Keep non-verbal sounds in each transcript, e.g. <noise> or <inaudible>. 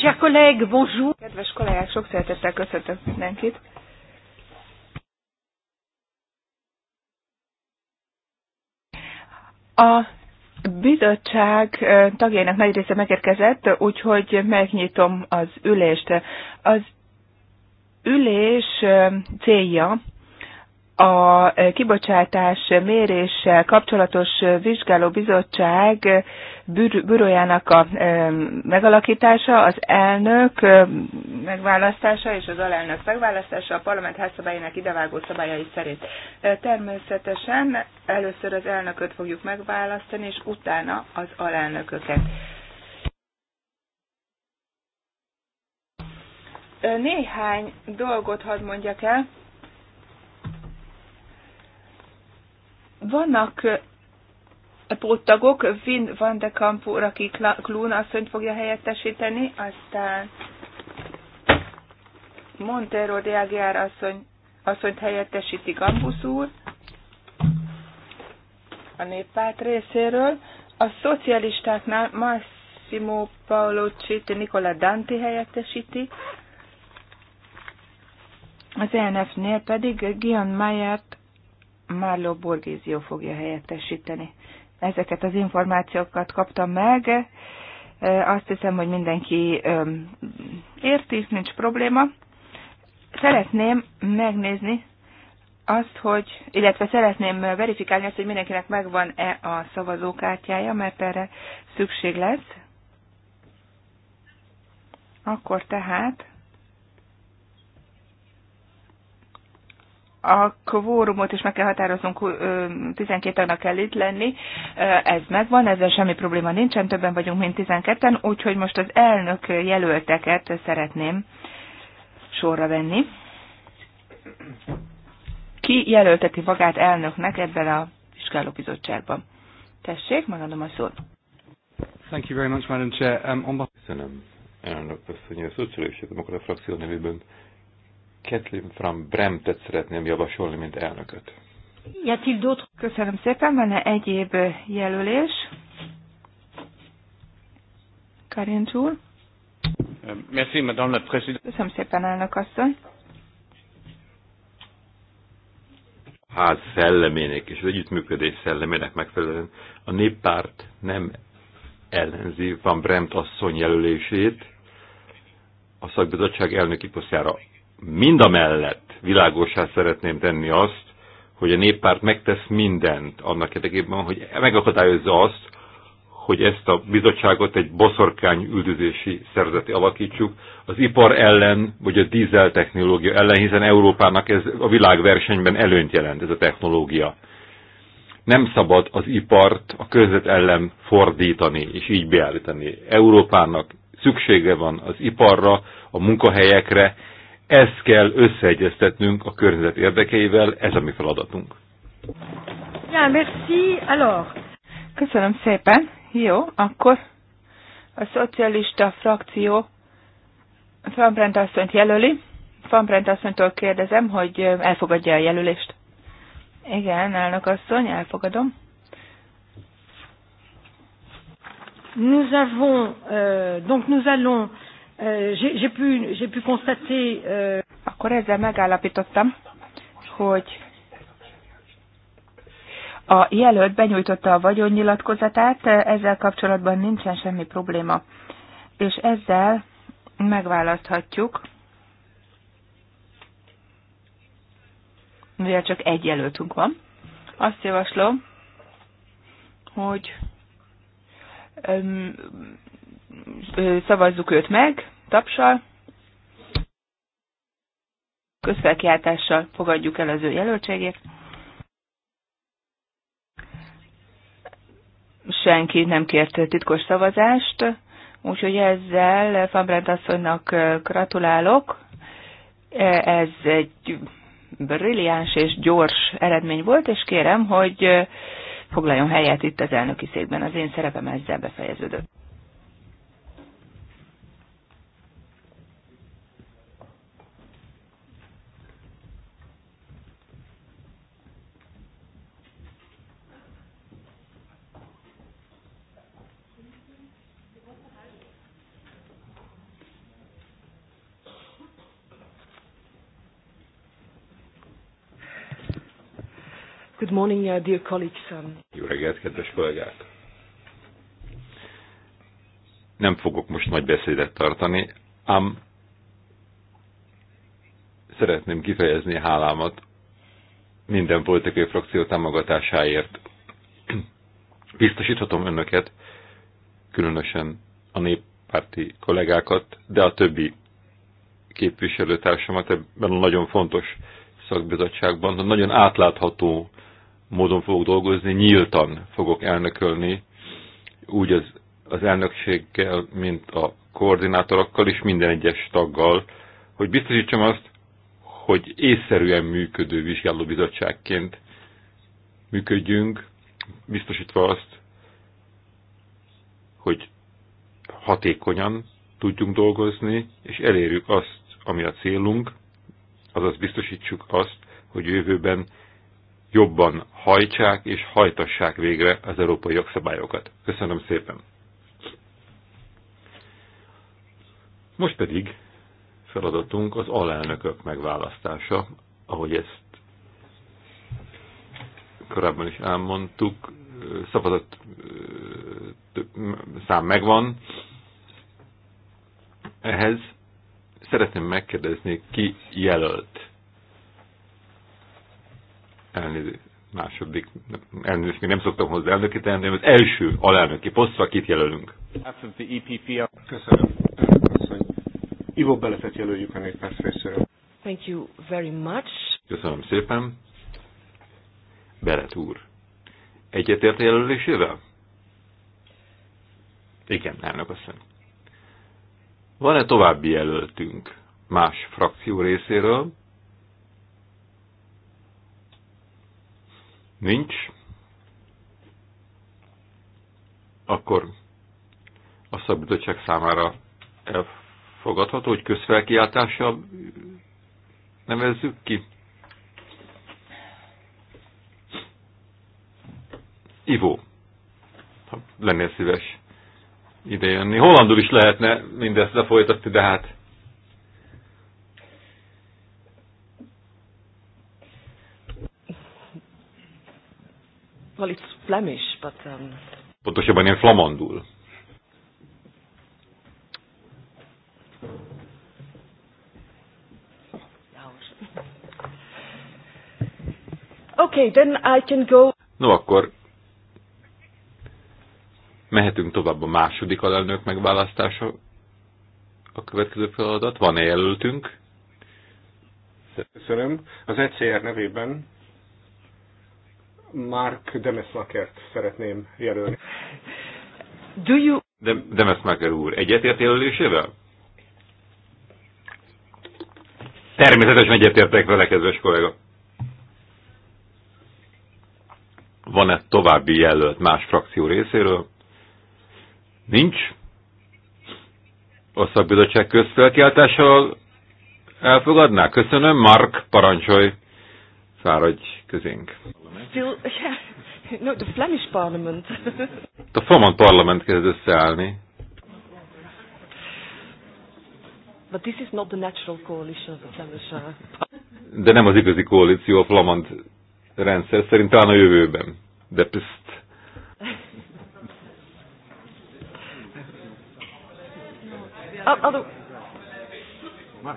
Chers collègues, bonjour. Kedves kollégák, sok szeretettel köszöntök mindenkit. A bizottság tagjainak nagy része megérkezett, úgyhogy megnyitom az ülést. Az ülés célja a kibocsátás méréssel kapcsolatos vizsgálóbizottság bürójának a megalakítása, az elnök megválasztása és az alelnök megválasztása a parlament házszabályának idevágó szabályai szerint. Természetesen először az elnököt fogjuk megválasztani, és utána az alelnököket. Néhány dolgot hadd mondjak el. Vannak póttagok, Vin van de Kamp úr, aki Klún asszonyt fogja helyettesíteni, aztán Montero de Aguiar asszony, asszonyt helyettesíti Gambusz úr a néppárt részéről. A szocialistáknál Massimo Paolo t Nicola Danti helyettesíti, az ENF-nél pedig Gian Mayert Marlo Borgézió fogja helyettesíteni. Ezeket az információkat kaptam meg, azt hiszem, hogy mindenki érti, nincs probléma. Szeretném megnézni azt, hogy, illetve szeretném verifikálni azt, hogy mindenkinek megvan-e a szavazókártyája, mert erre szükség lesz. Akkor tehát a kvórumot is meg kell határoznunk, 12 tagnak kell itt lenni, ez megvan, ezzel semmi probléma nincsen, többen vagyunk, mint 12-en, úgyhogy most az elnök jelölteket szeretném sorra venni. Ki jelölteti magát elnöknek ebben a vizsgálóbizottságban? Tessék, megadom a szót. Thank you very much, Madam Chair. Um, on... Köszönöm, elnök köszönjük a szociális demokrata frakció nevében Kathleen Fram Bremtet szeretném javasolni, mint elnököt. Köszönöm szépen, van egyéb eh, jelölés? Karin túl. Eh, merci, Madame la Présidente. Köszönöm szépen, elnök asszony. Ház szellemének és az együttműködés szellemének megfelelően a néppárt nem ellenzi Van Bremt asszony jelölését a szakbizottság elnöki posztjára mind a mellett világosá szeretném tenni azt, hogy a néppárt megtesz mindent annak érdekében, hogy megakadályozza azt, hogy ezt a bizottságot egy boszorkány üldözési szerzeti alakítsuk, az ipar ellen, vagy a dízel technológia ellen, hiszen Európának ez a világversenyben előnyt jelent ez a technológia. Nem szabad az ipart a közvet ellen fordítani és így beállítani. Európának szüksége van az iparra, a munkahelyekre, ezt kell összeegyeztetnünk a környezet érdekeivel, ez a mi feladatunk. Ja, merci, alors. Köszönöm szépen. Jó, akkor a szocialista frakció Fanbrent asszonyt jelöli. Fanbrent asszonytól kérdezem, hogy elfogadja a jelölést. Igen, elnök asszony, elfogadom. Nous avons, euh, donc nous allons Euh, euh, Akkor ezzel megállapítottam, hogy a jelölt benyújtotta a vagyonnyilatkozatát, ezzel kapcsolatban nincsen semmi probléma. És ezzel megválaszthatjuk, mivel csak egy jelöltünk van. Azt javaslom, hogy szavazzuk őt meg, tapsal, közfelkiáltással fogadjuk el az ő jelöltségét. Senki nem kért titkos szavazást, úgyhogy ezzel Fabrent asszonynak gratulálok. Ez egy brilliáns és gyors eredmény volt, és kérem, hogy foglaljon helyet itt az elnöki székben. Az én szerepem ezzel befejeződött. Good morning, uh, dear colleagues. Um... Jó reggelt, kedves kollégák! Nem fogok most nagy beszédet tartani, ám szeretném kifejezni hálámat minden politikai frakció támogatásáért. Biztosíthatom önöket, különösen a néppárti kollégákat, de a többi képviselőtársamat ebben a nagyon fontos szakbizottságban, nagyon átlátható módon fogok dolgozni, nyíltan fogok elnökölni, úgy az, az elnökséggel, mint a koordinátorokkal és minden egyes taggal, hogy biztosítsam azt, hogy észszerűen működő vizsgálóbizottságként működjünk, biztosítva azt, hogy hatékonyan tudjunk dolgozni, és elérjük azt, ami a célunk, azaz biztosítsuk azt, hogy jövőben jobban hajtsák és hajtassák végre az európai jogszabályokat. Köszönöm szépen! Most pedig feladatunk az alelnökök megválasztása, ahogy ezt korábban is elmondtuk, szavazat szám megvan. Ehhez szeretném megkérdezni, ki jelölt elnézést, második, elnézést, még nem szoktam hozzá elnöki tenni, az első alelnöki posztra kit jelölünk. Köszönöm. Köszönöm. Ivo Belefet jelöljük a néppárt részéről. Thank you very much. Köszönöm szépen. Belet úr. Egyetért a jelölésével? Igen, elnök asszony. Van-e további jelöltünk más frakció részéről? Nincs. Akkor a szakbizottság számára elfogadható, hogy közfelkiáltása nevezzük ki. Ivó, ha lennél szíves idejönni. Hollandul is lehetne mindezt lefolytatni, de hát Well, it's Flemish, but... Um... Pontosabban ilyen flamandul. Okay, then I can go. No, akkor mehetünk tovább a második alelnök megválasztása. A következő feladat. Van-e jelöltünk? Köszönöm. Az ECR nevében Mark Demeslakert szeretném jelölni. Do you... De, Demeslaker úr, egyetért jelölésével? Természetesen egyetértek vele, kedves kollega. Van-e további jelölt más frakció részéről? Nincs. A szakbizottság közfelkiáltással elfogadná? Köszönöm, Mark, parancsolj! száradj közénk. Still, yeah. no, the Flemish Parliament. <laughs> a flamand parlament kezd összeállni. But this is not the natural coalition of the Flemish uh, De nem az igazi koalíció a flamand rendszer, szerint talán a jövőben. De pst. Other... No.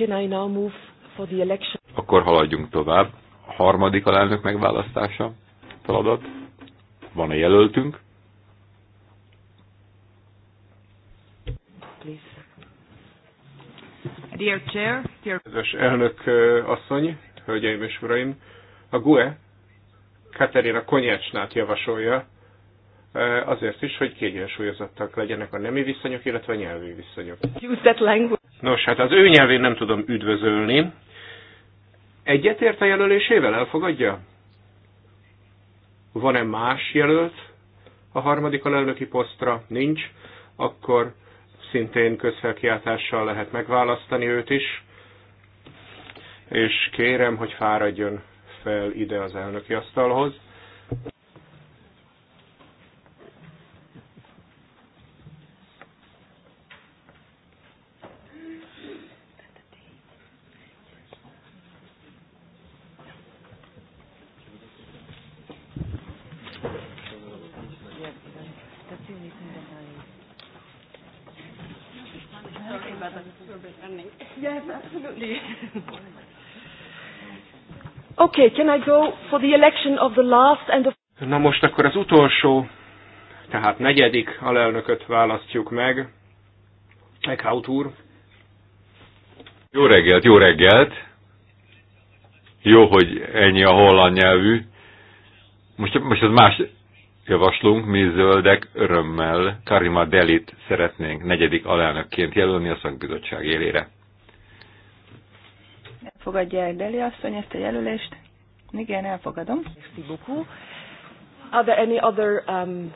Can I now move for the election? Akkor haladjunk tovább. A harmadik alelnök megválasztása feladat. van a jelöltünk? Please. Dear Chair, dear... Kedves elnök asszony, hölgyeim és uraim, a GUE Katerina Konyecsnát javasolja, azért is, hogy kiegyensúlyozottak legyenek a nemi viszonyok, illetve a nyelvi viszonyok. Use that language. Nos, hát az ő nyelvén nem tudom üdvözölni. Egyetért a jelölésével? Elfogadja? Van-e más jelölt a harmadik alelnöki posztra? Nincs. Akkor szintén közfelkiáltással lehet megválasztani őt is. És kérem, hogy fáradjon fel ide az elnöki asztalhoz. absolutely. <laughs> okay, can I go for the election of the last and the... Na most akkor az utolsó, tehát negyedik alelnököt választjuk meg. Eckhout úr. Jó reggelt, jó reggelt. Jó, hogy ennyi a holland nyelvű. Most, most az más javaslunk, mi zöldek örömmel Karima Delit szeretnénk negyedik alelnökként jelölni a szakbizottság élére. Fogadja el Deli asszony ezt a jelölést? Igen, elfogadom. Are there any other, um...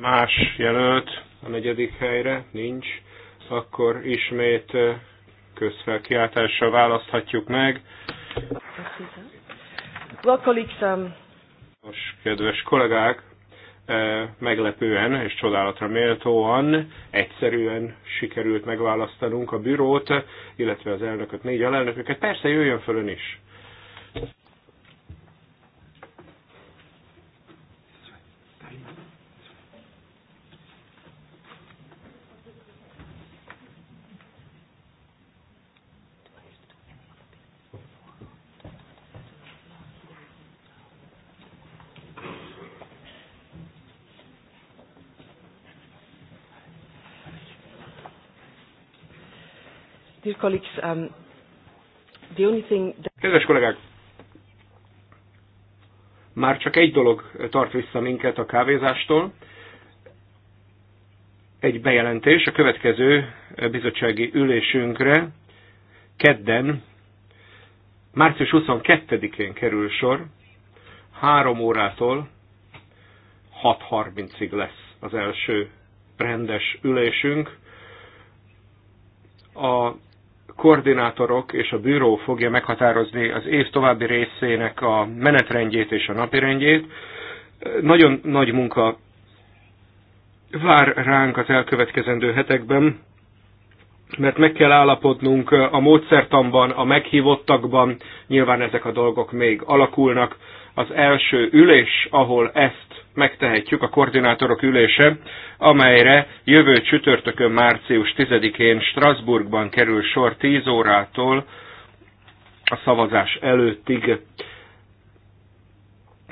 Más jelölt a negyedik helyre nincs, akkor ismét közfelkiáltással választhatjuk meg. Well, colleagues, um... kedves kollégák, meglepően és csodálatra méltóan egyszerűen sikerült megválasztanunk a bürót, illetve az elnököt, négy alelnököket. Persze jöjjön föl ön is. Dear colleagues, um, the only thing that... Kedves kollégák! Már csak egy dolog tart vissza minket a kávézástól. Egy bejelentés a következő bizottsági ülésünkre kedden, március 22-én kerül sor, 3 órától 6.30-ig lesz az első rendes ülésünk. A koordinátorok és a bűró fogja meghatározni az év további részének a menetrendjét és a napirendjét. Nagyon nagy munka vár ránk az elkövetkezendő hetekben, mert meg kell állapodnunk a módszertanban, a meghívottakban, nyilván ezek a dolgok még alakulnak, az első ülés, ahol ezt megtehetjük, a koordinátorok ülése, amelyre jövő csütörtökön március 10-én Strasbourgban kerül sor 10 órától a szavazás előttig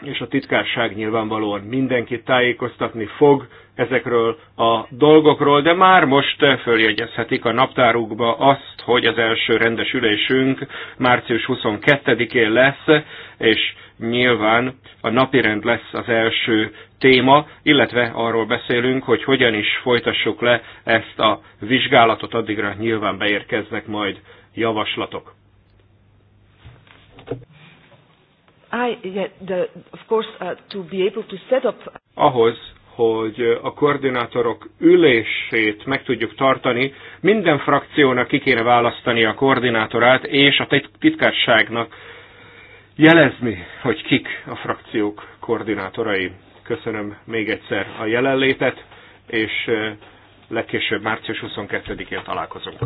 és a titkárság nyilvánvalóan mindenkit tájékoztatni fog ezekről a dolgokról, de már most följegyezhetik a naptárukba azt, hogy az első rendes ülésünk március 22-én lesz, és nyilván a napirend lesz az első téma, illetve arról beszélünk, hogy hogyan is folytassuk le ezt a vizsgálatot, addigra nyilván beérkeznek majd javaslatok. I, yeah, the, of course, uh, to be able to set up... Ahhoz, hogy a koordinátorok ülését meg tudjuk tartani, minden frakciónak ki kéne választani a koordinátorát, és a titkárságnak jelezni, hogy kik a frakciók koordinátorai. Köszönöm még egyszer a jelenlétet, és legkésőbb március 22-én találkozunk.